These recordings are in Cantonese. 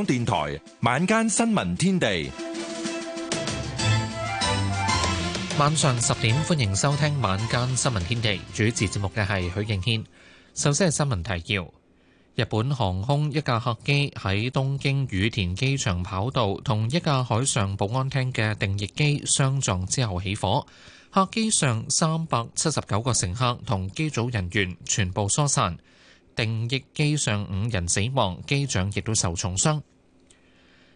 港電台晚間新聞天地，晚上十點歡迎收聽晚間新聞天地，主持節目嘅係許敬軒。首先係新聞提要。日本航空一架客機喺東京羽田機場跑道同一架海上保安廳嘅定翼機相撞之後起火，客機上三百七十九個乘客同機組人員全部疏散。定翼機上五人死亡，機長亦都受重傷。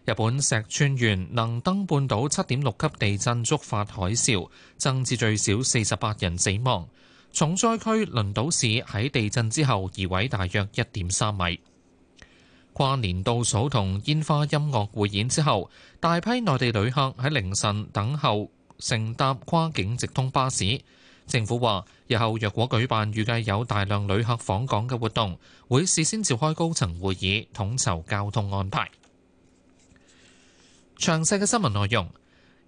日本石川縣能登半島七點六級地震觸發海嘯，增至最少四十八人死亡。重災區輪島市喺地震之後移位大約一點三米。跨年倒數同煙花音樂匯演之後，大批內地旅客喺凌晨等候乘搭跨境直通巴士。政府話：日後若果舉辦預計有大量旅客訪港嘅活動，會事先召開高層會議，統籌交通安排。詳細嘅新聞內容，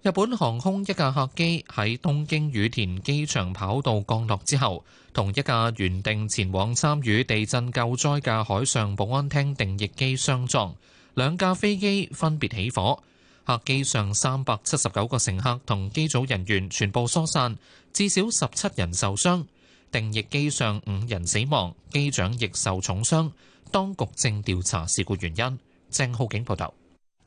日本航空一架客機喺東京羽田機場跑道降落之後，同一架原定前往參與地震救災嘅海上保安廳定翼機相撞，兩架飛機分別起火。客機上三百七十九個乘客同機組人員全部疏散，至少十七人受傷。定翼機上五人死亡，機長亦受重傷。當局正調查事故原因。鄭浩景報道。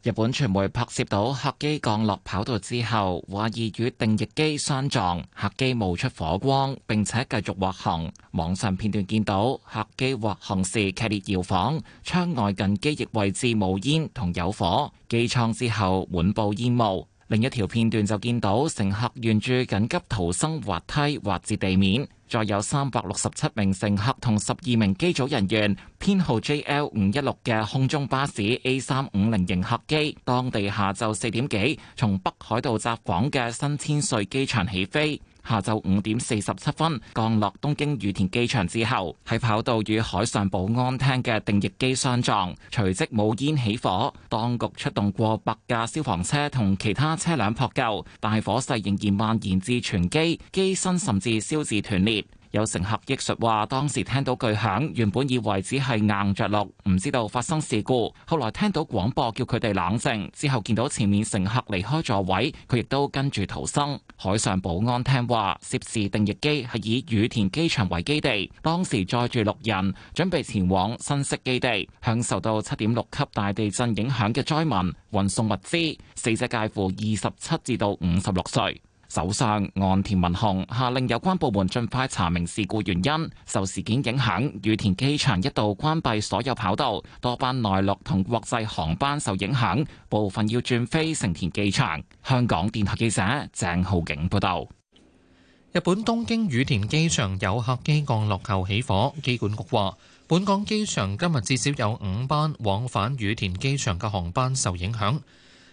日本傳媒拍攝到客機降落跑道之後，懷疑與定翼機相撞，客機冒出火光，並且繼續滑行。網上片段見到客機滑行時劇烈搖晃，窗外近機翼位置冒煙同有火，機艙之後滿布煙霧。另一條片段就見到乘客沿住緊急逃生滑梯滑至地面，載有三百六十七名乘客同十二名機組人員，編號 JL 五一六嘅空中巴士 A 三五零型客機，當地下晝四點幾從北海道札幌嘅新千歲機場起飛。下晝五點四十七分降落東京羽田機場之後，喺跑道與海上保安廳嘅定翼機相撞，隨即冒煙起火。當局出動過百架消防車同其他車輛撲救，大火勢仍然蔓延至全機，機身甚至燒至斷裂。有乘客憶述話，當時聽到巨響，原本以為只係硬着陸，唔知道發生事故。後來聽到廣播叫佢哋冷靜，之後見到前面乘客離開座位，佢亦都跟住逃生。海上保安廳話，涉事定翼機係以羽田機場為基地，當時載住六人，準備前往新潟基地，向受到七點六級大地震影響嘅災民運送物資。死者介乎二十七至到五十六歲。首相岸田文雄下令有關部門盡快查明事故原因。受事件影響，羽田機場一度關閉所有跑道，多班內陸同國際航班受影響，部分要轉飛成田機場，香港電台記者鄭浩景報道。日本東京羽田機場有客機降落後起火，機管局話本港機場今日至少有五班往返羽田機場嘅航班受影響。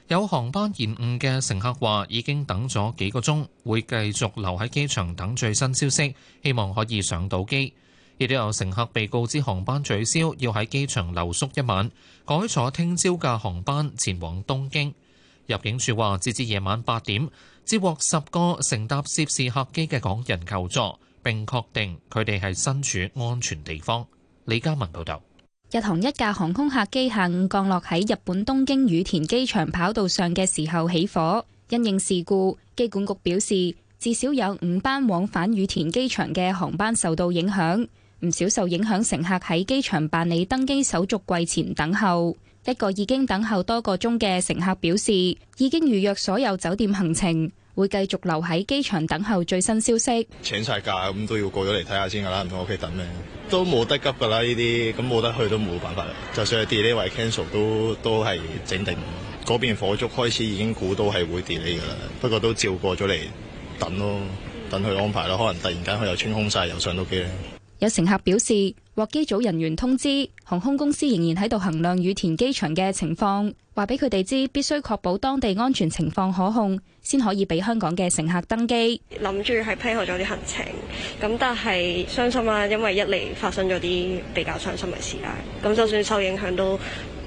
有航班延誤嘅乘客話已經等咗幾個鐘，會繼續留喺機場等最新消息，希望可以上到機，亦都有乘客被告知航班取消，要喺機場留宿一晚，改坐聽朝嘅航班前往東京。入境處話截至夜晚八點接獲十個乘搭涉事客機嘅港人求助，並確定佢哋係身處安全地方。李嘉文報道。日航一架航空客機下午降落喺日本東京羽田機場跑道上嘅時候起火，因應事故，機管局表示至少有五班往返羽田機場嘅航班受到影響，唔少受影響乘客喺機場辦理登機手續櫃前等候。一個已經等候多個鐘嘅乘客表示，已經預約所有酒店行程。會繼續留喺機場等候最新消息。請晒假咁都要過咗嚟睇下先㗎啦，唔通屋企等咩？都冇得急㗎啦，呢啲咁冇得去都冇辦法啦。就算係 delay 或 cancel 都都係整定，嗰邊火燭開始已經估到係會 delay 㗎啦。不過都照過咗嚟等咯，等佢安排咯。可能突然間佢又穿空晒，又上到機咧。有乘客表示。獲機組人員通知，航空公司仍然喺度衡量羽田機場嘅情況，話俾佢哋知必須確保當地安全情況可控，先可以俾香港嘅乘客登機。諗住係批 l 咗啲行程，咁但係傷心啊，因為一嚟，發生咗啲比較傷心嘅事啊，咁就算受影響都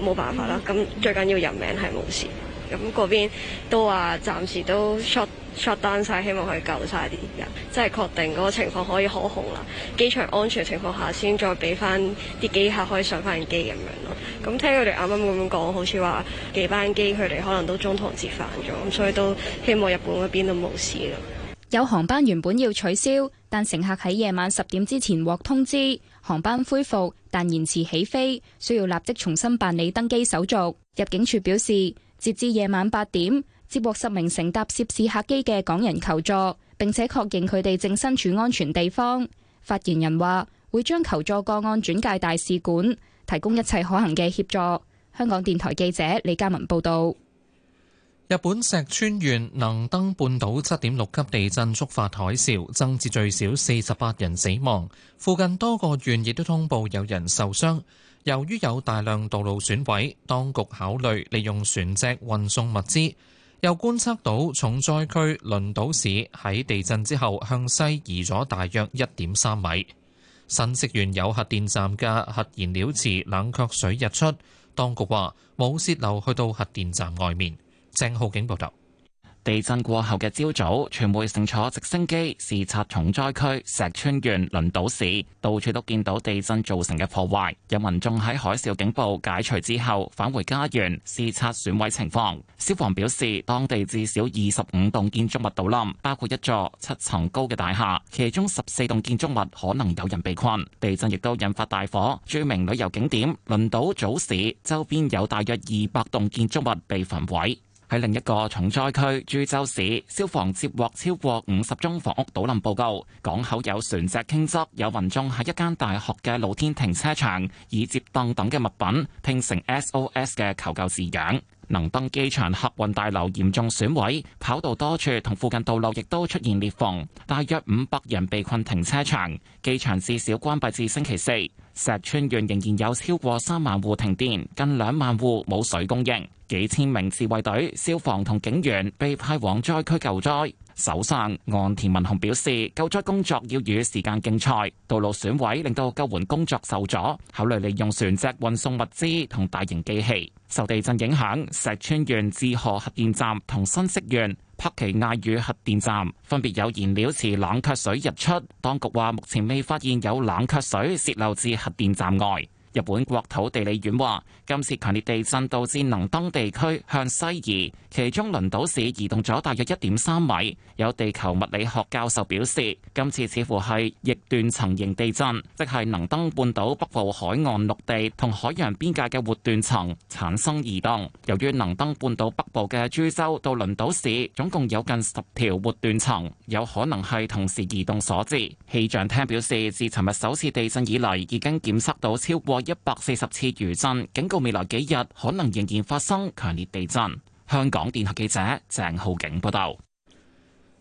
冇辦法啦，咁最緊要人命係冇事。咁嗰、嗯、邊都話暫時都 shut shut d o 希望佢救晒啲人，即係確定嗰個情況可以可控啦。機場安全情況下，先再俾翻啲機客可以上翻機咁樣咯。咁、嗯、聽佢哋啱啱咁講，好似話幾班機佢哋可能都中途折返咗，咁所以都希望日本嗰邊都冇事咯。有航班原本要取消，但乘客喺夜晚十點之前獲通知航班恢復，但延遲起飛，需要立即重新辦理登機手續。入境處表示。截至夜晚八點，接獲十名乘搭涉事客機嘅港人求助，並且確認佢哋正身處安全地方。發言人話會將求助個案轉介大使館，提供一切可行嘅協助。香港電台記者李嘉文報道。日本石川縣能登半島七點六級地震觸發海嘯，增至最少四十八人死亡，附近多個縣亦都通報有人受傷。由於有大量道路損毀，當局考慮利用船隻運送物資。又觀察到重災區輪島市喺地震之後向西移咗大約一點三米。新潟縣有核電站嘅核燃料池冷卻水溢出，當局話冇泄漏去到核電站外面。鄭浩景報道。地震過後嘅朝早，傳媒乘坐直升機視察重災區石川縣輪島市，到處都見到地震造成嘅破壞。有民眾喺海嘯警報解除之後返回家園視察損毀情況。消防表示，當地至少二十五棟建築物倒冧，包括一座七層高嘅大廈，其中十四棟建築物可能有人被困。地震亦都引發大火，著名旅遊景點輪島早市周邊有大約二百棟建築物被焚毀。喺另一個重災區，株洲市消防接獲超過五十宗房屋倒冧報告，港口有船隻傾側，有民眾喺一間大學嘅露天停車場以接凳等嘅物品拼成 SOS 嘅求救字樣。能登機場客運大樓嚴重損毀，跑道多處同附近道路亦都出現裂縫，大約五百人被困停車場。機場至少關閉至星期四。石川縣仍然有超過三萬戶停電，近兩萬戶冇水供應。幾千名自衛隊、消防同警員被派往災區救災。首相岸田文雄表示，救災工作要與時間競賽，道路損毀令到救援工作受阻，考慮利用船隻運送物資同大型機器。受地震影響，石川縣志賀核電站同新潟縣柏崎刈羽核電站分別有燃料池冷卻水溢出，當局話目前未發現有冷卻水泄漏至核電站外。日本國土地理院話，今次強烈地震導致能登地區向西移，其中輪島市移動咗大約一點三米。有地球物理學教授表示，今次似乎係逆斷層型地震，即係能登半島北部海岸陸地同海洋邊界嘅活斷層產生移動，由於能登半島北部嘅珠洲到輪島市總共有近十條活斷層，有可能係同時移動所致。氣象廳表示，自尋日首次地震以嚟，已經檢測到超過一百四十次餘震，警告未來幾日可能仍然發生強烈地震。香港電台記者鄭浩景報道。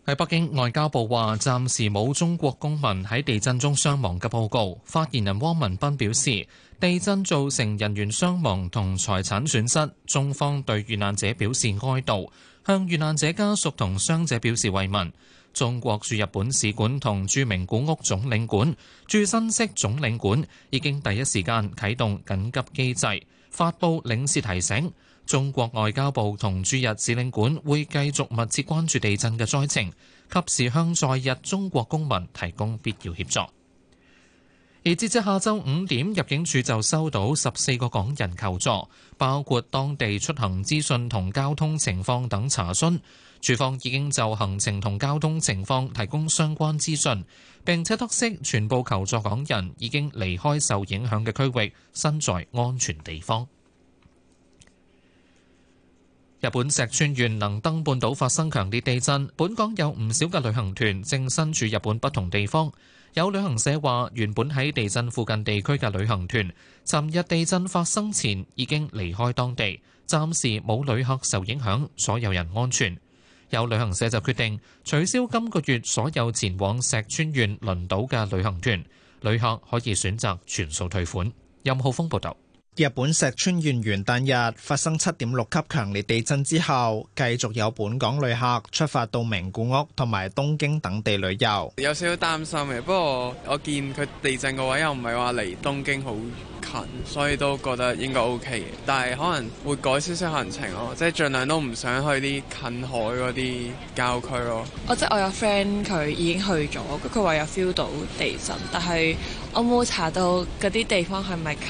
喺北京，外交部話暫時冇中國公民喺地震中傷亡嘅報告。發言人汪文斌表示，地震造成人員傷亡同財產損失，中方對遇難者表示哀悼，向遇難者家屬同傷者表示慰問。中國駐日本使館同駐名古屋總領館、駐新潟總領館已經第一時間啟動緊急機制，發布領事提醒。中國外交部同駐日使領館會繼續密切關注地震嘅災情，及時向在日中國公民提供必要協助。而截至下晝五點，入境處就收到十四個港人求助，包括當地出行資訊同交通情況等查詢。處方已經就行程同交通情況提供相關資訊，並且得悉全部求助港人已經離開受影響嘅區域，身在安全地方。日本石川縣能登半島發生強烈地震，本港有唔少嘅旅行團正身處日本不同地方。有旅行社話，原本喺地震附近地區嘅旅行團，尋日地震發生前已經離開當地，暫時冇旅客受影響，所有人安全。有旅行社就決定取消今個月所有前往石川縣輪島嘅旅行團，旅客可以選擇全數退款。任浩峰報導。日本石川縣元，元旦日發生七點六級強烈地震之後，繼續有本港旅客出發到名古屋同埋東京等地旅遊。有少少擔心嘅。不過我，我見佢地震嘅位又唔係話離東京好近，所以都覺得應該 O K 嘅。但係可能會改少少行程咯，即係盡量都唔想去啲近海嗰啲郊區咯。我即係我有 friend 佢已經去咗，佢話有 feel 到地震，但係我冇查到嗰啲地方係咪近。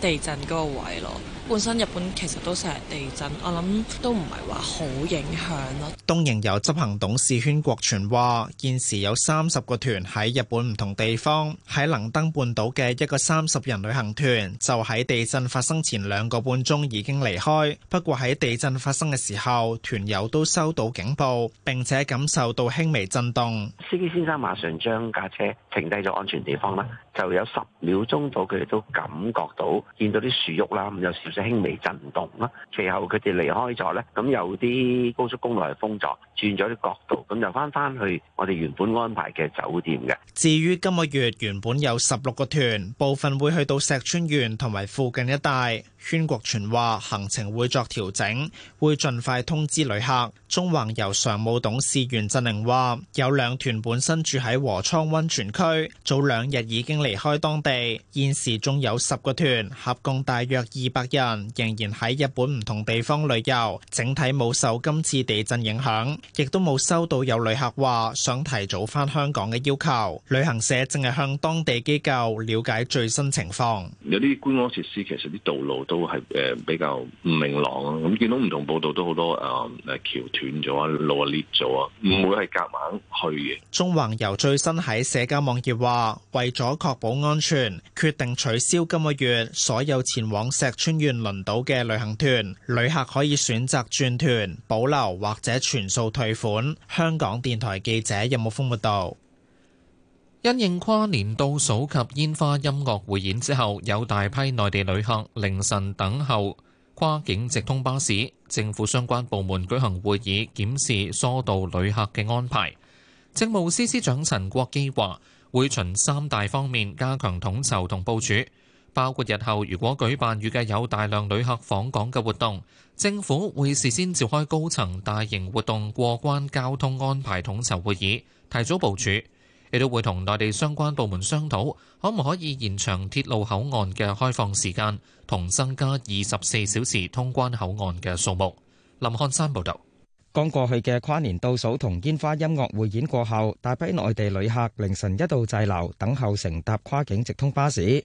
地震嗰個位咯，本身日本其實都成日地震，我諗都唔係話好影響咯。東瀛遊執行董事袁國全話現時有三十個團喺日本唔同地方，喺能登半島嘅一個三十人旅行團就喺地震發生前兩個半鐘已經離開。不過喺地震發生嘅時候，團友都收到警報，並且感受到輕微震動，司機先生馬上將架車停低咗安全地方啦。就有十秒鐘到，佢哋都感覺到，見到啲樹喐啦，咁有少少輕微震動啦。其後佢哋離開咗呢，咁有啲高速公路係封咗，轉咗啲角度，咁就翻翻去我哋原本安排嘅酒店嘅。至於今個月原本有十六個團，部分會去到石川縣同埋附近一帶。宣國全話行程會作調整，會盡快通知旅客。縱橫遊常務董事袁振寧話，有兩團本身住喺和倉溫泉區，早兩日已經離開當地。現時仲有十個團，合共大約二百人，仍然喺日本唔同地方旅遊，整體冇受今次地震影響，亦都冇收到有旅客話想提早翻香港嘅要求。旅行社正係向當地機構了解最新情況。有啲觀光設施其實啲道路都。都係誒比較唔明朗啊。咁見到唔同報道都好多誒，橋斷咗啊，路裂咗啊，唔會係夾硬去嘅。中環遊最新喺社交網頁話，為咗確保安全，決定取消今個月所有前往石川縣輪島嘅旅行團。旅客可以選擇轉團、保留或者全數退款。香港電台記者任木峰報道。因應跨年度數及煙花音樂匯演之後，有大批內地旅客凌晨等候跨境直通巴士。政府相關部門舉行會議，檢視疏導旅客嘅安排。政務司司長陳國基話：會循三大方面加強統籌同部署，包括日後如果舉辦預計有大量旅客訪港嘅活動，政府會事先召開高層大型活動過關交通安排統籌會議，提早部署。亦都會同內地相關部門商討，可唔可以延長鐵路口岸嘅開放時間，同增加二十四小時通關口岸嘅數目。林漢山報導。剛過去嘅跨年倒數同煙花音樂匯演過後，大批內地旅客凌晨一度滯留，等候乘搭跨境直通巴士。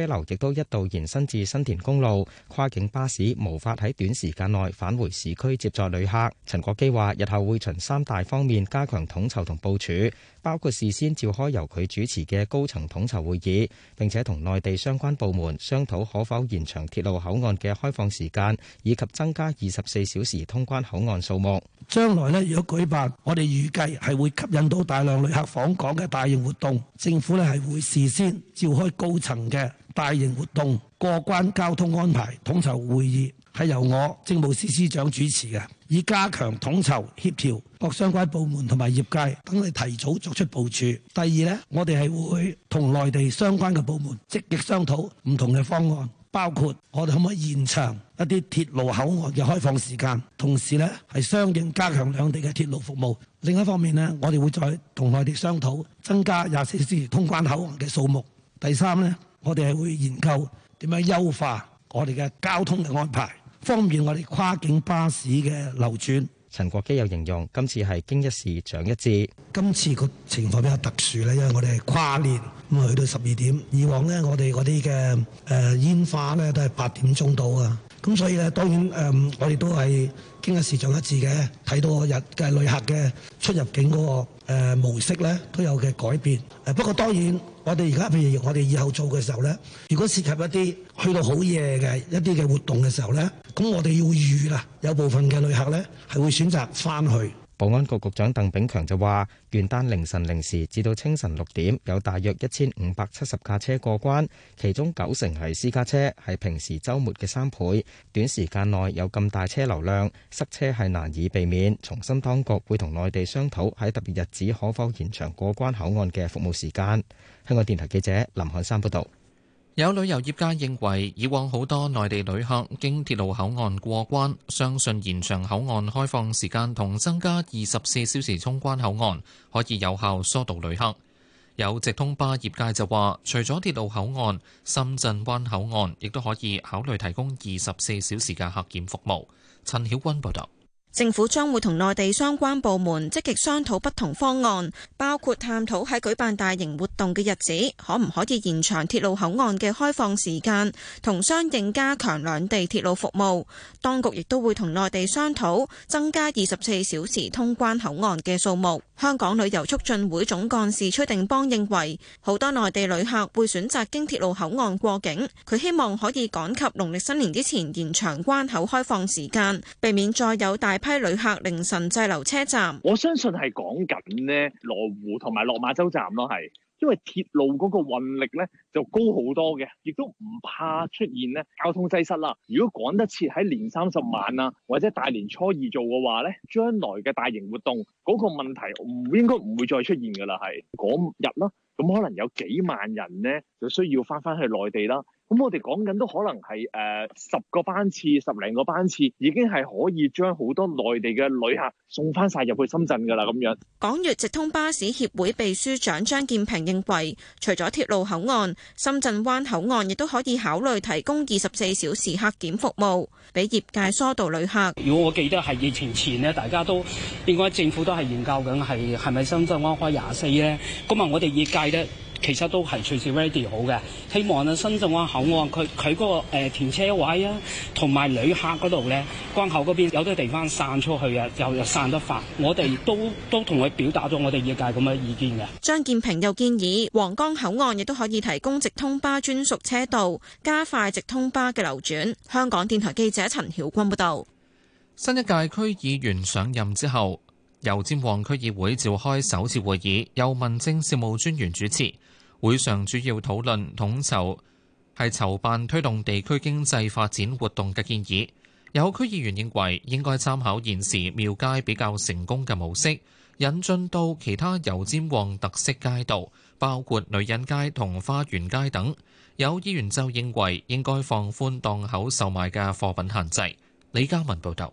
車流亦都一度延伸至新田公路，跨境巴士無法喺短時間內返回市區接載旅客。陳國基話：日後會循三大方面加強統籌同部署，包括事先召開由佢主持嘅高層統籌會議，並且同內地相關部門商討可否延長鐵路口岸嘅開放時間，以及增加二十四小時通關口岸數目。將來呢，如果舉辦，我哋預計係會吸引到大量旅客訪港嘅大型活動，政府呢係會事先召開高層嘅。大型活動過關交通安排統籌會議係由我政務司司長主持嘅，以加強統籌協調各相關部門同埋業界等，你提早作出部署。第二呢，我哋係會同內地相關嘅部門積極商討唔同嘅方案，包括我哋可唔可以延長一啲鐵路口岸嘅開放時間，同時呢係相應加強兩地嘅鐵路服務。另一方面呢，我哋會再同內地商討增加廿四小時通關口岸嘅數目。第三呢。我哋係會研究點樣優化我哋嘅交通嘅安排，方便我哋跨境巴士嘅流轉。陳國基有形容，今次係經一事長一智。今次個情況比較特殊咧，因為我哋係跨年，咁啊去到十二點。以往咧，我哋嗰啲嘅誒煙花咧都係八點鐘到啊。咁所以咧，當然誒，我哋都係。經濟時漲一字嘅，睇到日嘅旅客嘅出入境嗰、那個、呃、模式呢，都有嘅改變啊。不過當然，我哋而家譬如我哋以後做嘅時候呢，如果涉及一啲去到好夜嘅一啲嘅活動嘅時候呢，咁我哋要預啦，有部分嘅旅客呢，係會選擇返去。保安局局長鄧炳強就話：元旦凌晨零時至到清晨六點，有大約一千五百七十架車過關，其中九成係私家車，係平時週末嘅三倍。短時間內有咁大車流量，塞車係難以避免。重新當局會同內地商討喺特別日子可否延長過關口岸嘅服務時間。香港電台記者林漢山報道。有旅遊業界認為，以往好多內地旅客經鐵路口岸過關，相信延長口岸開放時間同增加二十四小時通關口岸，可以有效疏導旅客。有直通巴業界就話，除咗鐵路口岸，深圳灣口岸亦都可以考慮提供二十四小時嘅客檢服務。陳曉君報道。政府將會同內地相關部門積極商討不同方案，包括探討喺舉辦大型活動嘅日子，可唔可以延長鐵路口岸嘅開放時間，同相應加強兩地鐵路服務。當局亦都會同內地商討增加二十四小時通關口岸嘅數目。香港旅遊促進會總幹事崔定邦認為，好多內地旅客會選擇經鐵路口岸過境，佢希望可以趕及農曆新年之前延長關口開放時間，避免再有大批旅客凌晨滯留車站。我相信係講緊咧，羅湖同埋落馬洲站咯，係。因為鐵路嗰個運力咧就高好多嘅，亦都唔怕出現咧交通擠塞啦。如果趕得切喺年三十晚啊，或者大年初二做嘅話咧，將來嘅大型活動嗰、嗰個問題唔應該唔會再出現㗎啦，係嗰日啦。咁可能有幾萬人咧，就需要翻翻去內地啦。咁我哋講緊都可能係誒十個班次十零個班次，已經係可以將好多內地嘅旅客送翻晒入去深圳㗎啦。咁樣，港粵直通巴士協會秘書長張建平認為，除咗鐵路口岸、深圳灣口岸，亦都可以考慮提供二十四小時客檢服務，俾業界疏導旅客。如果我記得係疫情前咧，大家都應該政府都係研究緊係係咪深圳灣開廿四咧。咁日我哋業界呢。其實都係隨時 ready 好嘅，希望啊，深圳灣口岸佢佢嗰個呃，停車位啊，同埋旅客嗰度呢，關口嗰邊有啲地方散出去啊，又又散得快，我哋都都同佢表達咗我哋業界咁嘅意見嘅。張建平又建議，皇崗口岸亦都可以提供直通巴專屬車道，加快直通巴嘅流轉。香港電台記者陳曉君報道，新一屆區議員上任之後，由尖旺區議會召開首次會議，由民政事務專員主持。會上主要討論統籌係籌辦推動地區經濟發展活動嘅建議。有區議員認為應該參考現時廟街比較成功嘅模式，引進到其他油尖旺特色街道，包括女人街同花園街等。有議員就認為應該放寬檔口售賣嘅貨品限制。李家文報道。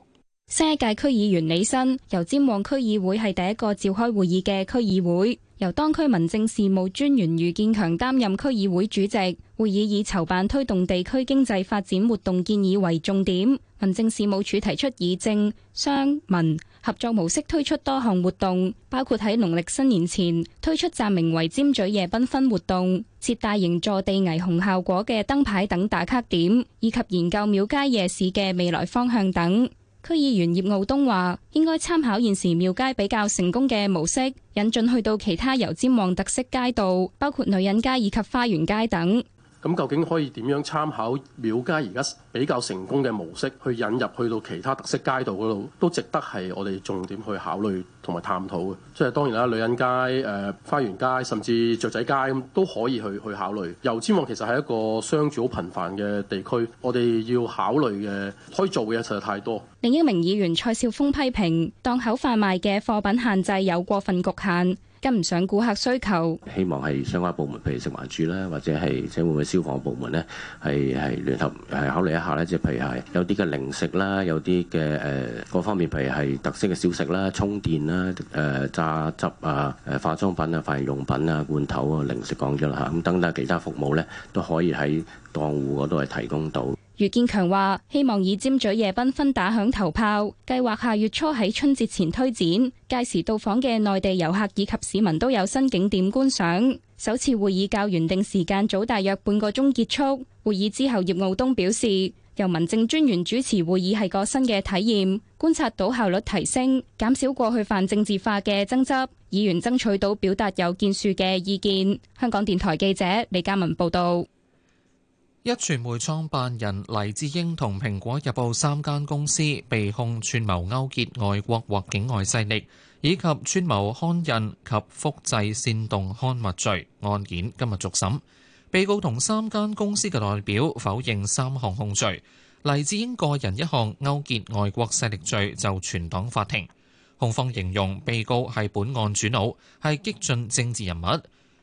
新一屆區議員李新由尖旺區議會係第一個召開會議嘅區議會，由當區民政事務專員余建強擔任區議會主席。會議以籌辦推動地區經濟發展活動建議為重點。民政事務處提出以政商民合作模式推出多項活動，包括喺農曆新年前推出暫名為尖咀夜繽紛活動，設大型坐地霓虹效果嘅燈牌等打卡點，以及研究廟街夜市嘅未來方向等。區議員葉傲東話：應該參考現時廟街比較成功嘅模式，引進去到其他油尖旺特色街道，包括女人街以及花園街等。咁、嗯、究竟可以點樣參考廟街而家比較成功嘅模式，去引入去到其他特色街道嗰度，都值得係我哋重點去考慮同埋探討嘅。即、就、係、是、當然啦，女人街、誒、呃、花園街甚至雀仔街咁都可以去去考慮，油尖旺其實，係一個商住好頻繁嘅地區，我哋要考慮嘅可以做嘅嘢實在太多。另一名議員蔡少峰批評檔口販賣嘅貨品限制有過分局限。跟唔上顧客需求，希望係相關部門，譬如食環署啦，或者係即係會唔會消防部門咧，係係聯合係考慮一下咧。即係譬如係有啲嘅零食啦，有啲嘅誒各方面，譬如係特色嘅小食啦、充電啦、誒、呃、榨汁啊、誒化妝品啊、化妝用品、啊、品啊、罐頭啊、零食講咗啦嚇，咁、啊、等等其他服務咧都可以喺檔戶嗰度係提供到。余建強話：希望以尖咀夜繽紛打響頭炮，計劃下月初喺春節前推展，屆時到訪嘅內地遊客以及市民都有新景點觀賞。首次會議較原定時間早大約半個鐘結束，會議之後葉澳東表示，由民政專員主持會議係個新嘅體驗，觀察到效率提升，減少過去泛政治化嘅爭執，議員爭取到表達有建樹嘅意見。香港電台記者李嘉文報道。一傳媒創辦人黎智英同蘋果日報三間公司被控串謀勾結外國或境外勢力，以及串謀刊印及複製煽動刊物罪，案件今日續審。被告同三間公司嘅代表否認三項控罪，黎智英個人一項勾結外國勢力罪就全黨法庭。控方形容被告係本案主腦，係激進政治人物。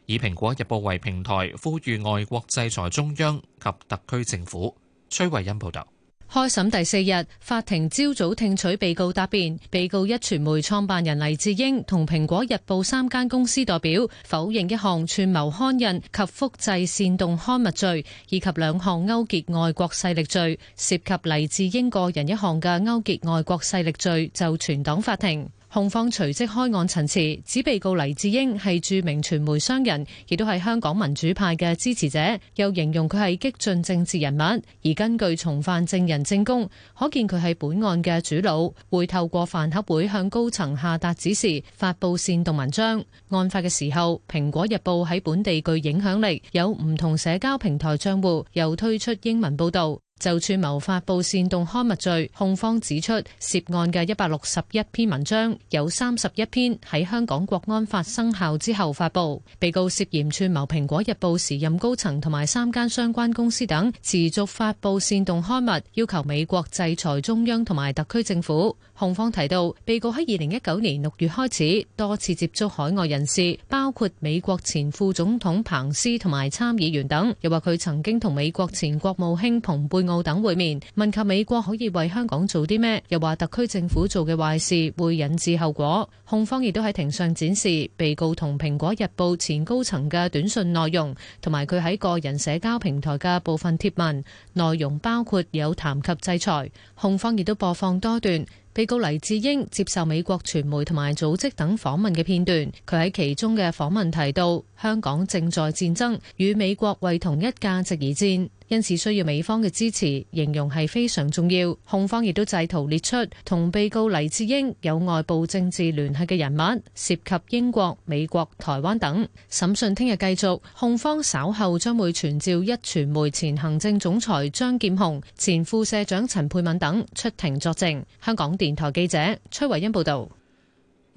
以《蘋果日報》為平台，呼籲外國制裁中央及特區政府。崔慧欣報道，開審第四日，法庭朝早聽取被告答辯。被告壹傳媒創辦人黎智英同《蘋果日報》三間公司代表否認一項串謀刊印及複製煽動刊物罪，以及兩項勾結外國勢力罪。涉及黎智英個人一項嘅勾結外國勢力罪，就存檔法庭。控方隨即開案陳詞，指被告黎智英係著名傳媒商人，亦都係香港民主派嘅支持者，又形容佢係激進政治人物，而根據從犯證人證供，可見佢係本案嘅主腦，會透過飯盒會向高層下達指示，發佈煽動文章。案發嘅時候，《蘋果日報》喺本地具影響力，有唔同社交平台賬戶，又推出英文報道。就串謀發布煽動刊物罪，控方指出，涉案嘅一百六十一篇文章有三十一篇喺香港國安法生效之後發布。被告涉嫌串謀蘋果日報時任高層同埋三間相關公司等持續發布煽動刊物，要求美國制裁中央同埋特區政府。控方提到，被告喺二零一九年六月開始多次接觸海外人士，包括美國前副總統彭斯同埋參議員等。又話佢曾經同美國前國務卿蓬佩奧等會面，問及美國可以為香港做啲咩。又話特區政府做嘅壞事會引致後果。控方亦都喺庭上展示被告同《蘋果日報》前高層嘅短信內容，同埋佢喺個人社交平台嘅部分貼文內容，包括有談及制裁。控方亦都播放多段。被告黎智英接受美國傳媒同埋組織等訪問嘅片段，佢喺其中嘅訪問提到，香港正在戰爭，與美國為同一價值而戰。因此需要美方嘅支持，形容係非常重要。控方亦都製圖列出同被告黎智英有外部政治聯繫嘅人物，涉及英國、美國、台灣等。審訊聽日繼續，控方稍後將會傳召一傳媒前行政總裁張劍虹、前副社長陳沛敏等出庭作證。香港電台記者崔維恩報道。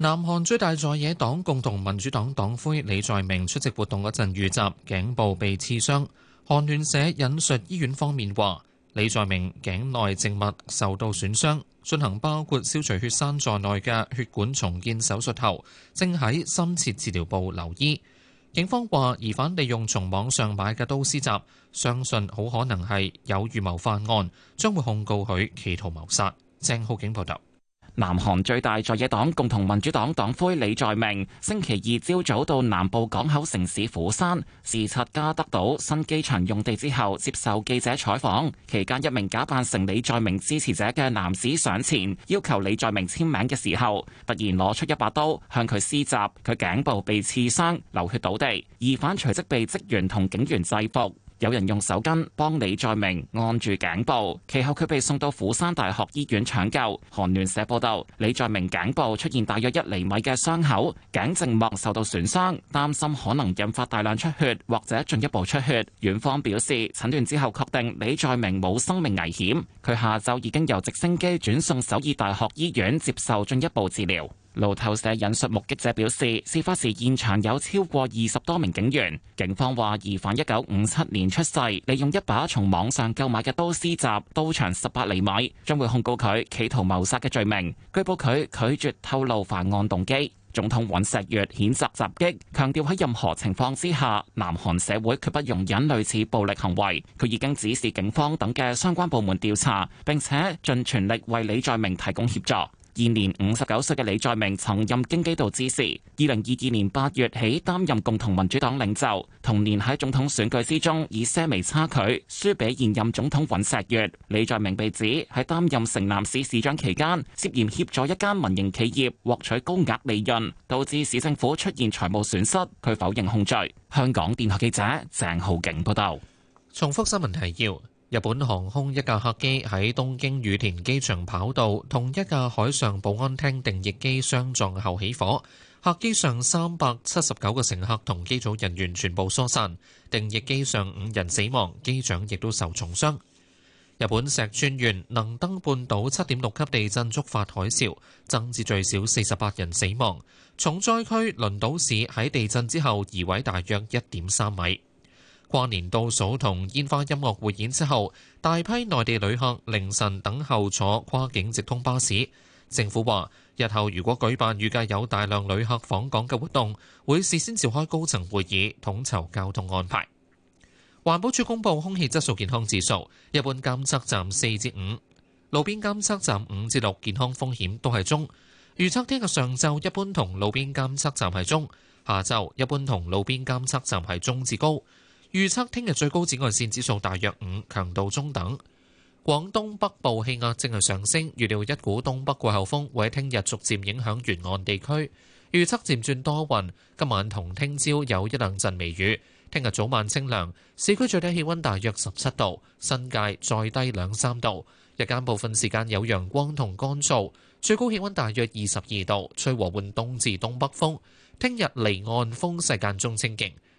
南韓最大在野黨共同民主黨黨，黨魁李在明出席活動嗰陣遇襲，頸部被刺傷。《韓聯社》引述醫院方面話：李在明頸內靜脈受到損傷，進行包括消除血栓在內嘅血管重建手術後，正喺深切治療部留醫。警方話疑犯利用從網上買嘅刀施襲，相信好可能係有預謀犯案，將會控告佢企圖謀殺。鄭浩景報道。南韓最大在野黨共同民主黨黨魁李在明星期二朝早到南部港口城市釜山視察加德島新機場用地之後，接受記者採訪期間，一名假扮成李在明支持者嘅男子上前要求李在明簽名嘅時候，突然攞出一把刀向佢施襲，佢頸部被刺傷，流血倒地，疑犯隨即被職員同警員制服。有人用手巾幫李在明按住頸部，其後佢被送到釜山大學醫院搶救。韓聯社報道，李在明頸部出現大約一厘米嘅傷口，頸靜脈受到損傷，擔心可能引發大量出血，或者進一步出血。院方表示，診斷之後確定李在明冇生命危險，佢下晝已經由直升機轉送首爾大學醫院接受進一步治療。路透社引述目擊者表示，事發時現場有超過二十多名警員。警方話疑犯一九五七年出世，利用一把從網上購買嘅刀施襲，刀長十八厘米，將會控告佢企圖謀殺嘅罪名。據報佢拒絕透露犯案動機。總統尹錫悅譴責襲擊，強調喺任何情況之下，南韓社會絕不容忍類似暴力行為。佢已經指示警方等嘅相關部門調查，並且盡全力為李在明提供協助。現年五十九歲嘅李在明曾任京畿道知事，二零二二年八月起擔任共同民主黨領袖，同年喺總統選舉之中以些微差距輸俾現任總統尹錫悅。李在明被指喺擔任城南市市長期間涉嫌協助一間民營企業獲取高額利潤，導致市政府出現財務損失，佢否認控罪。香港電台記者鄭浩景報道。重複新聞提要。日本航空一架客機喺東京羽田機場跑道同一架海上保安廳定翼機相撞後起火，客機上三百七十九個乘客同機組人員全部疏散，定翼機上五人死亡，機長亦都受重傷。日本石川縣能登半島七點六級地震觸發海嘯，增至最少四十八人死亡，重災區輪島市喺地震之後移位大約一點三米。跨年倒數同煙花音樂匯演之後，大批內地旅客凌晨等候坐跨境直通巴士。政府話日後如果舉辦預計有大量旅客訪港嘅活動，會事先召開高層會議統籌交通安排。環保署公布空氣質素健康指數，一般監測站四至五，路邊監測站五至六，健康風險都係中。預測聽日上晝一般同路邊監測站係中，下晝一般同路邊監測站係中至高。預測聽日最高紫外線指數大約五，強度中等。廣東北部氣壓正係上升，預料一股東北季候風會喺聽日逐漸影響沿岸地區。預測漸轉多雲，今晚同聽朝有一兩陣微雨，聽日早晚清涼。市區最低氣溫大約十七度，新界再低兩三度。日間部分時間有陽光同乾燥，最高氣溫大約二十二度，吹和緩東至東北風。聽日離岸風勢間中清勁。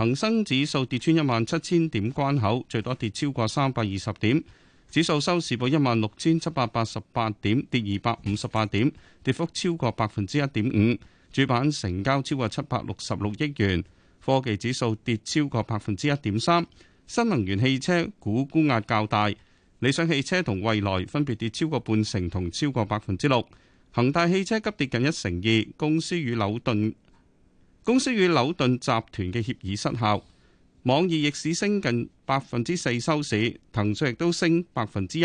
恒生指數跌穿一萬七千點關口，最多跌超過三百二十點，指數收市報一萬六千七百八十八點，跌二百五十八點，跌幅超過百分之一點五。主板成交超過七百六十六億元。科技指數跌超過百分之一點三。新能源汽車股沽壓較大，理想汽車同蔚來分別跌超過半成同超過百分之六。恒大汽車急跌近一成二，公司與紐頓。公司與紐頓集團嘅協議失效，網易逆市升近百分之四收市，騰訊亦都升百分之一。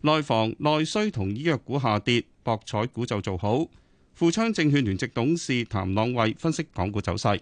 內房、內需同醫藥股下跌，博彩股就做好。富昌證券聯席董事譚朗衛分析港股走勢。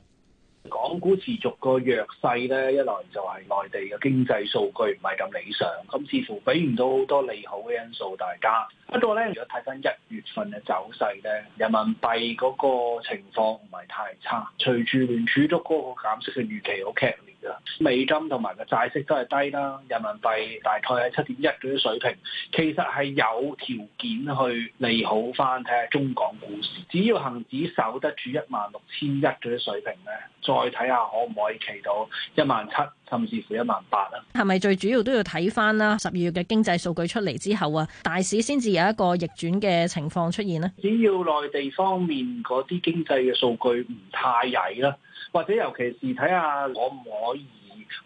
港股持續個弱勢咧，一來就係內地嘅經濟數據唔係咁理想，咁似乎俾唔到好多利好嘅因素，大家，不過咧，如果睇翻一月份嘅走勢咧，人民幣嗰個情況唔係太差，隨住聯儲都嗰個減息嘅預期好劇烈。美金同埋個債息都係低啦，人民幣大概係七點一嗰啲水平，其實係有條件去利好翻睇下中港股市，只要恒指守得住一萬六千一嗰啲水平咧，再睇下可唔可以企到一萬七。甚至乎一萬八啊！係咪最主要都要睇翻啦？十二月嘅經濟數據出嚟之後啊，大市先至有一個逆轉嘅情況出現咧。只要內地方面嗰啲經濟嘅數據唔太曳啦，或者尤其是睇下可唔可以。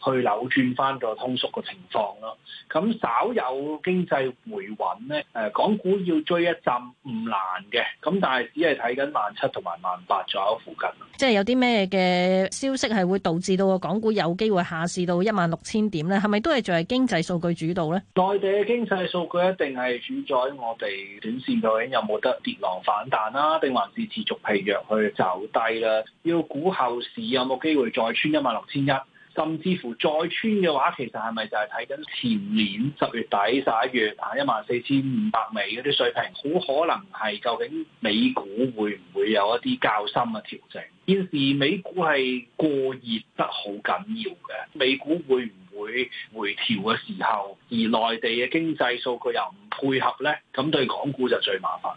去扭轉翻個通縮嘅情況咯，咁稍有經濟回穩咧，誒，港股要追一陣唔難嘅，咁但係只係睇緊萬七同埋萬八左右附近。即係有啲咩嘅消息係會導致到個港股有機會下市到一萬六千點咧？係咪都係就係經濟數據主導咧？內地嘅經濟數據一定係主宰我哋短線究竟有冇得跌浪反彈啦，定還是持續疲弱去走低啦？要估後市有冇機會再穿一萬六千一？甚至乎再穿嘅話，其實，係咪就係睇緊前年十月底十一月啊，一萬四千五百美嗰啲水平，好可能係究竟美股會唔會有一啲較深嘅調整？現時美股係過熱得好緊要嘅，美股會唔會回調嘅時候，而內地嘅經濟數據又唔配合咧，咁對港股就最麻煩。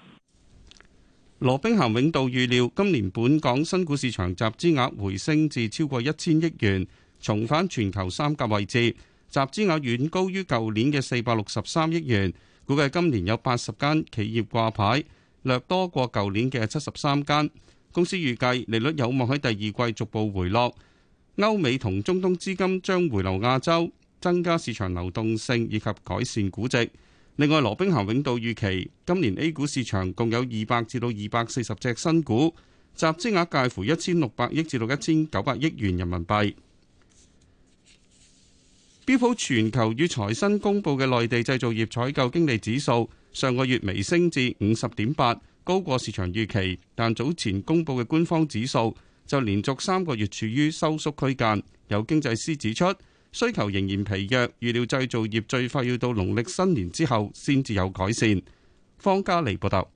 羅兵咸永道預料，今年本港新股市場集資額回升至超過一千億元。重返全球三甲位置，集資額遠高於舊年嘅四百六十三億元，估計今年有八十間企業掛牌，略多過舊年嘅七十三間。公司預計利率有望喺第二季逐步回落，歐美同中東資金將回流亞洲，增加市場流動性以及改善估值。另外，羅兵咸永道預期今年 A 股市場共有二百至到二百四十隻新股，集資額介乎一千六百億至到一千九百億元人民幣。標普全球與財新公布嘅內地製造業採購經理指數上個月微升至五十點八，高過市場預期，但早前公布嘅官方指數就連續三個月處於收縮區間。有經濟師指出，需求仍然疲弱，預料製造業最快要到農曆新年之後先至有改善。方家莉報道。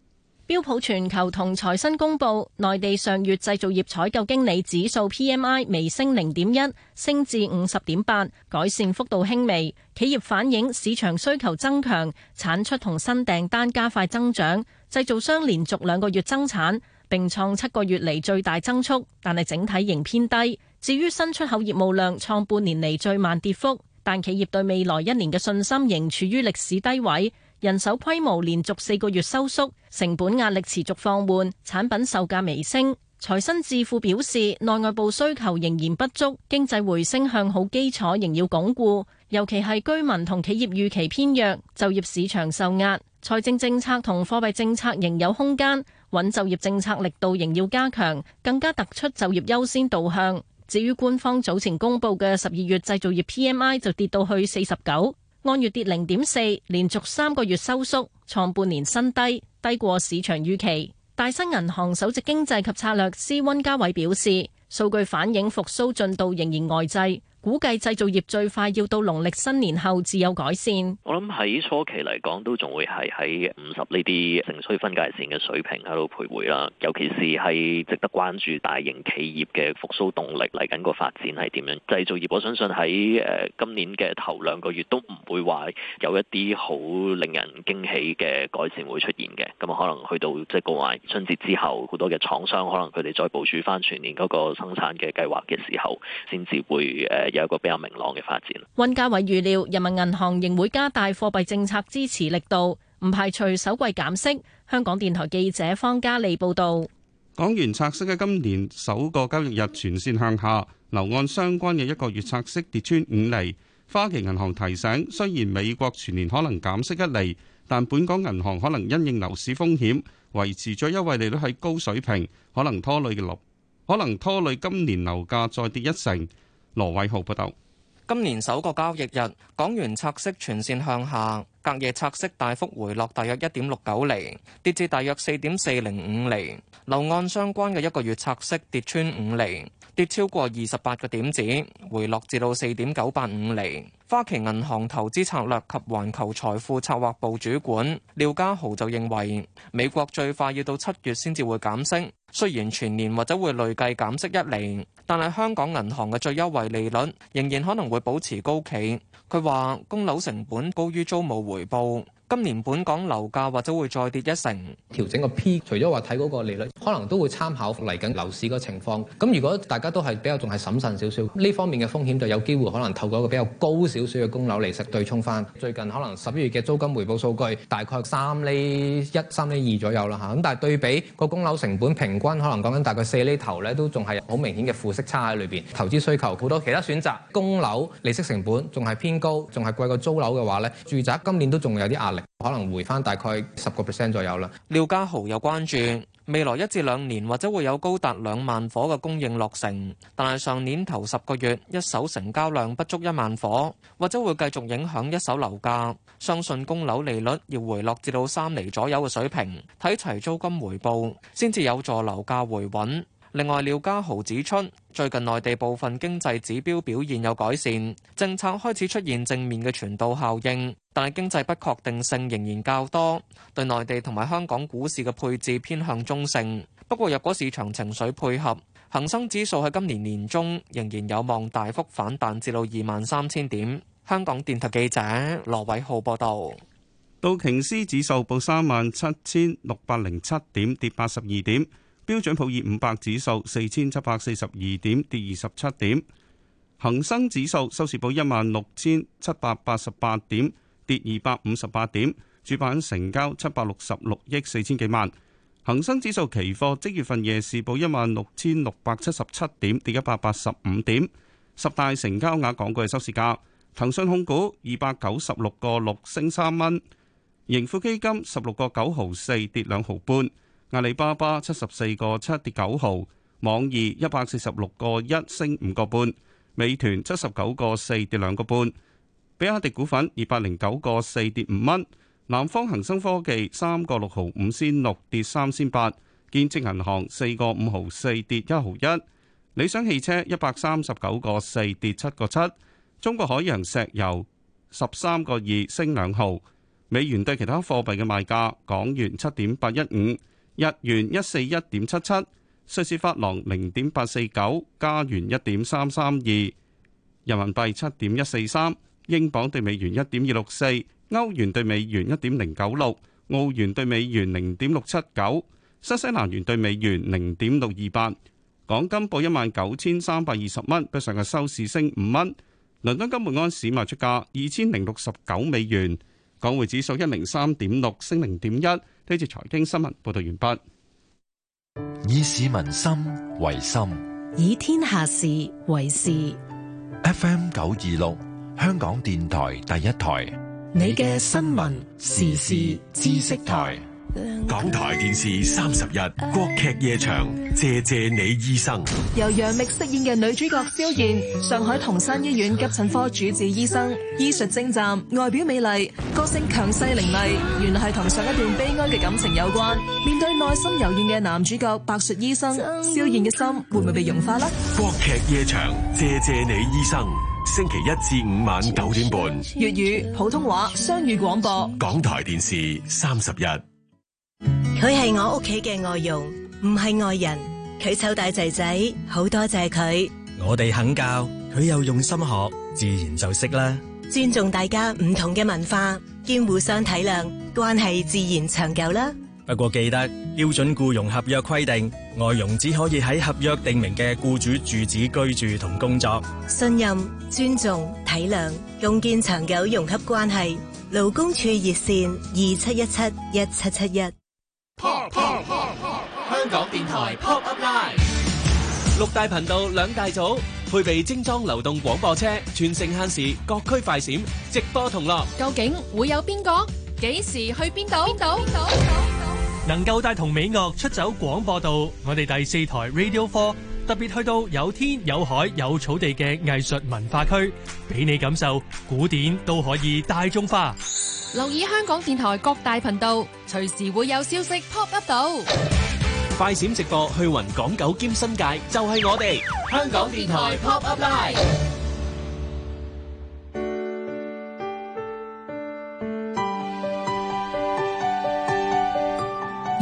標普全球同財新公布，內地上月製造業採購經理指數 PMI 微升零點一，升至五十點八，改善幅度輕微。企業反映市場需求增強，產出同新訂單加快增長，製造商連續兩個月增產，並創七個月嚟最大增速，但係整體仍偏低。至於新出口業務量創半年嚟最慢跌幅，但企業對未來一年嘅信心仍處於歷史低位。人手規模連續四個月收縮，成本壓力持續放緩，產品售價微升。財新智庫表示，內外部需求仍然不足，經濟回升向好基礎仍要鞏固，尤其係居民同企業預期偏弱，就業市場受壓。財政政策同貨幣政策仍有空間，穩就業政策力度仍要加強，更加突出就業優先導向。至於官方早前公布嘅十二月製造業 PMI 就跌到去四十九。按月跌零點四，連續三個月收縮，創半年新低，低過市場預期。大新銀行首席經濟及策略師溫家偉表示，數據反映復蘇進度仍然外滯。估計製造業最快要到農曆新年後才有改善。我諗喺初期嚟講，都仲會係喺五十呢啲盛衰分界線嘅水平喺度徘徊啦。尤其是係值得關注大型企業嘅復蘇動力嚟緊個發展係點樣？製造業我相信喺誒、呃、今年嘅頭兩個月都唔會話有一啲好令人驚喜嘅改善會出現嘅。咁、嗯、可能去到即係過埋春節之後，好多嘅廠商可能佢哋再部署翻全年嗰個生產嘅計劃嘅時候，先至會誒。呃有一個比較明朗嘅發展。溫家偉預料，人民銀行仍會加大貨幣政策支持力度，唔排除首季減息。香港電台記者方嘉利報導，港元拆息喺今年首個交易日全線向下，樓按相關嘅一個月拆息跌穿五厘。花旗銀行提醒，雖然美國全年可能減息一厘，但本港銀行可能因應樓市風險，維持最優惠利率喺高水平，可能拖累嘅六，可能拖累今年樓價再跌一成。羅偉浩報道：今年首個交易日，港元拆息全線向下，隔夜拆息大幅回落，大約一點六九厘，跌至大約四點四零五厘，樓按相關嘅一個月拆息跌穿五厘。跌超過二十八個點子，回落至到四點九八五釐。花旗銀行投資策略及環球財富策劃部主管廖家豪就認為，美國最快要到七月先至會減息，雖然全年或者會累計減息一釐，但係香港銀行嘅最優惠利率仍然可能會保持高企。佢話供樓成本高於租務回報。今年本港樓價或者會再跌一成，調整個 P，除咗話睇嗰個利率，可能都會參考嚟緊樓市個情況。咁如果大家都係比較仲係審慎少少，呢方面嘅風險就有機會可能透過一個比較高少少嘅供樓利息對沖翻。最近可能十一月嘅租金回報數據大概三厘一、三厘二左右啦嚇。咁但係對比個供樓成本平均，可能講緊大概四厘頭咧，都仲係好明顯嘅負息差喺裏邊。投資需求好多其他選擇，供樓利息成本仲係偏高，仲係貴過租樓嘅話咧，住宅今年都仲有啲壓力。可能回翻大概十個 percent 左右啦。廖家豪，有關注未來一至兩年或者會有高達兩萬伙嘅供應落成，但係上年頭十個月一手成交量不足一萬伙，或者會繼續影響一手樓價。相信供樓利率要回落至到三厘左右嘅水平，睇齊租金回報先至有助樓價回穩。另外，廖家豪指出，最近內地部分經濟指標表現有改善，政策開始出現正面嘅傳導效應，但係經濟不確定性仍然較多，對內地同埋香港股市嘅配置偏向中性。不過若果市場情緒配合，恒生指數喺今年年中仍然有望大幅反彈至到二萬三千點。香港電台記者羅偉浩報道。道瓊斯指數報三萬七千六百零七點跌八十二點。標準普爾五百指數四千七百四十二點，跌二十七點。恒生指數收市報一萬六千七百八十八點，跌二百五十八點。主板成交七百六十六億四千幾萬。恒生指數期貨即月份夜市報一萬六千六百七十七點，跌一百八十五點。十大成交額港股嘅收市價：騰訊控股二百九十六個六，升三蚊，盈富基金十六個九毫四跌兩毫半。阿里巴巴七十四個七跌九毫，網易一百四十六個一升五個半，美團七十九個四跌兩個半，比亞迪股份二百零九個四跌五蚊，南方恒生科技三個六毫五仙六跌三仙八，建設銀行四個五毫四跌一毫一，理想汽車一百三十九個四跌七個七，中國海洋石油十三個二升兩毫，美元兌其他貨幣嘅賣價，港元七點八一五。日元一四一點七七，瑞士法郎零點八四九，加元一點三三二，人民幣七點一四三，英鎊對美元一點二六四，歐元對美元一點零九六，澳元對美元零點六七九，新西蘭元對美元零點六二八。港金報一萬九千三百二十蚊，比上日收市升五蚊。倫敦金每安士賣出價二千零六十九美元。港匯指數一零三點六，升零點一。呢次財經新聞報道完畢，以市民心為心，以天下事為事。FM 九二六，香港電台第一台，你嘅新聞時事知識台。港台電視三十日國劇夜場，謝謝你醫生。由楊冪飾演嘅女主角蕭炎， 上海同山醫院急診科主治醫生，醫術精湛，外表美麗，個性強勢凌厲。原來係同上一段悲哀嘅感情有關。面對內心柔軟嘅男主角白雪醫生，蕭炎嘅心會唔會被融化呢？國劇夜場，謝謝你醫生。星期一至五晚九點半，粵 語、普通話雙語廣播。 港台電視三十日。佢係我屋企嘅外傭，唔係外人。佢湊大仔仔，好多謝佢。我哋肯教，佢又用心學，自然就識啦。尊重大家唔同嘅文化，兼互相體諒，關係自然長久啦。不過記得標準僱傭合約規定，外傭只可以喺合約定明嘅僱主住址居住同工作。信任、尊重、體諒，共建長久融洽關係。勞工處熱線二七一七一七七一。Pop Pop Pop Pop！香港電台 Pop Up Live，六大頻道兩大組，配備精裝流動廣播車，全城限時，各區快閃，直播同樂。究竟會有邊個？幾時去邊度？邊度？邊度？能夠帶同美樂出走廣播道？我哋第四台 Radio Four。特別去到有天有海有草地嘅藝術文化區，俾你感受古典都可以大衆化。留意香港電台各大頻道，隨時會有消息 pop up 到。快閃直播去玩港九兼新界，就係我哋香港電台 pop up live。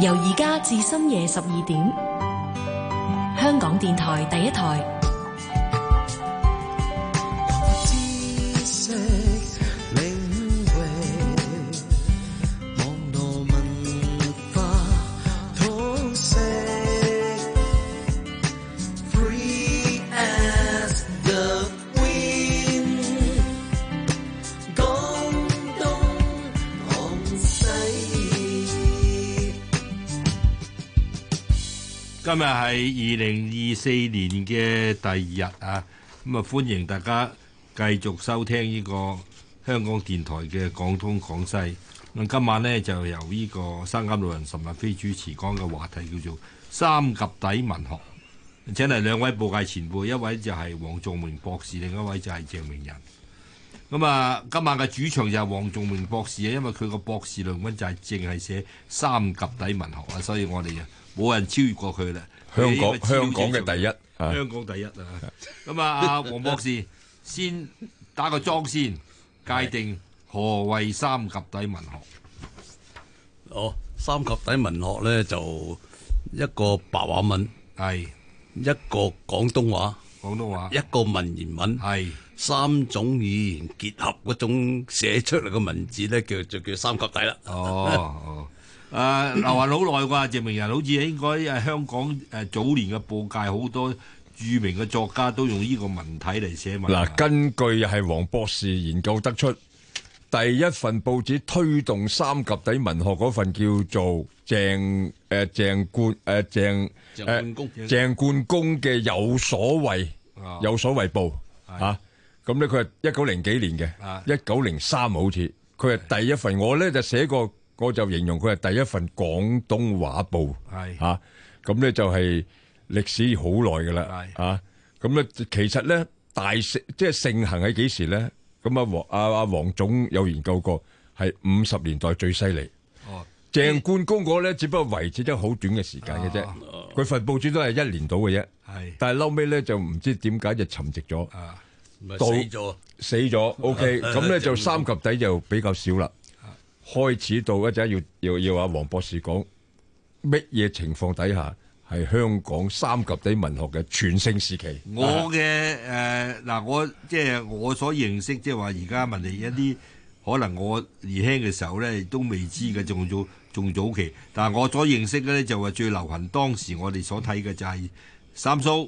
由而家至深夜十二點。香港電台第一台。今日係二零二四年嘅第二日啊！咁、嗯、啊，歡迎大家繼續收聽呢個香港電台嘅《廣東廣西。咁、嗯、今晚呢，就由呢個《三監老人尋物》非主持講嘅話題叫做《三及第文學》，請嚟兩位報界前輩，一位就係黃仲明博士，另一位就係鄭明仁。咁、嗯、啊，今晚嘅主場就係黃仲明博士啊，因為佢個博士論文就係淨係寫《三及第文學》啊，所以我哋啊～冇人超越過佢啦！香港香港嘅第一，香港第一啊！咁啊，黃博士先打個樁先界定何為三及第文學。哦，三及第文學咧就一個白話文，係一個廣東話，廣東話，一個文言文，係三種語言結合嗰種寫出嚟嘅文字咧，叫就叫三及第啦。哦。誒，留話好耐啩，鄭明仁好似應該誒，香港誒早年嘅報界好多著名嘅作家都用呢個文體嚟寫文。嗱，根據係黃博士研究得出，第一份報紙推動三及第文學嗰份叫做鄭誒鄭貫誒鄭誒鄭貫公嘅有所謂有所謂報吓，咁咧佢係一九零幾年嘅，一九零三好似，佢係第一份。我咧就寫過。我就形容佢係第一份廣東話報，嚇咁咧就係歷史好耐㗎喇，嚇咁咧其實咧大盛即係盛行喺幾時咧？咁啊黃阿阿黃總有研究過，係五十年代最犀利。鄭冠公嗰咧只不過維持咗好短嘅時間嘅啫，佢份報紙都係一年到嘅啫。但係後尾咧就唔知點解就沉寂咗，死咗死咗。OK，咁咧就三級底就比較少啦。開始到一陣要要要阿黃博士講乜嘢情況底下係香港三及第文學嘅全盛時期？我、呃，我嘅誒嗱，我即係我所認識，即係話而家問你一啲可能我年輕嘅時候咧都未知嘅，仲早仲早期，但係我所認識咧就話最流行當時我哋所睇嘅就係三蘇。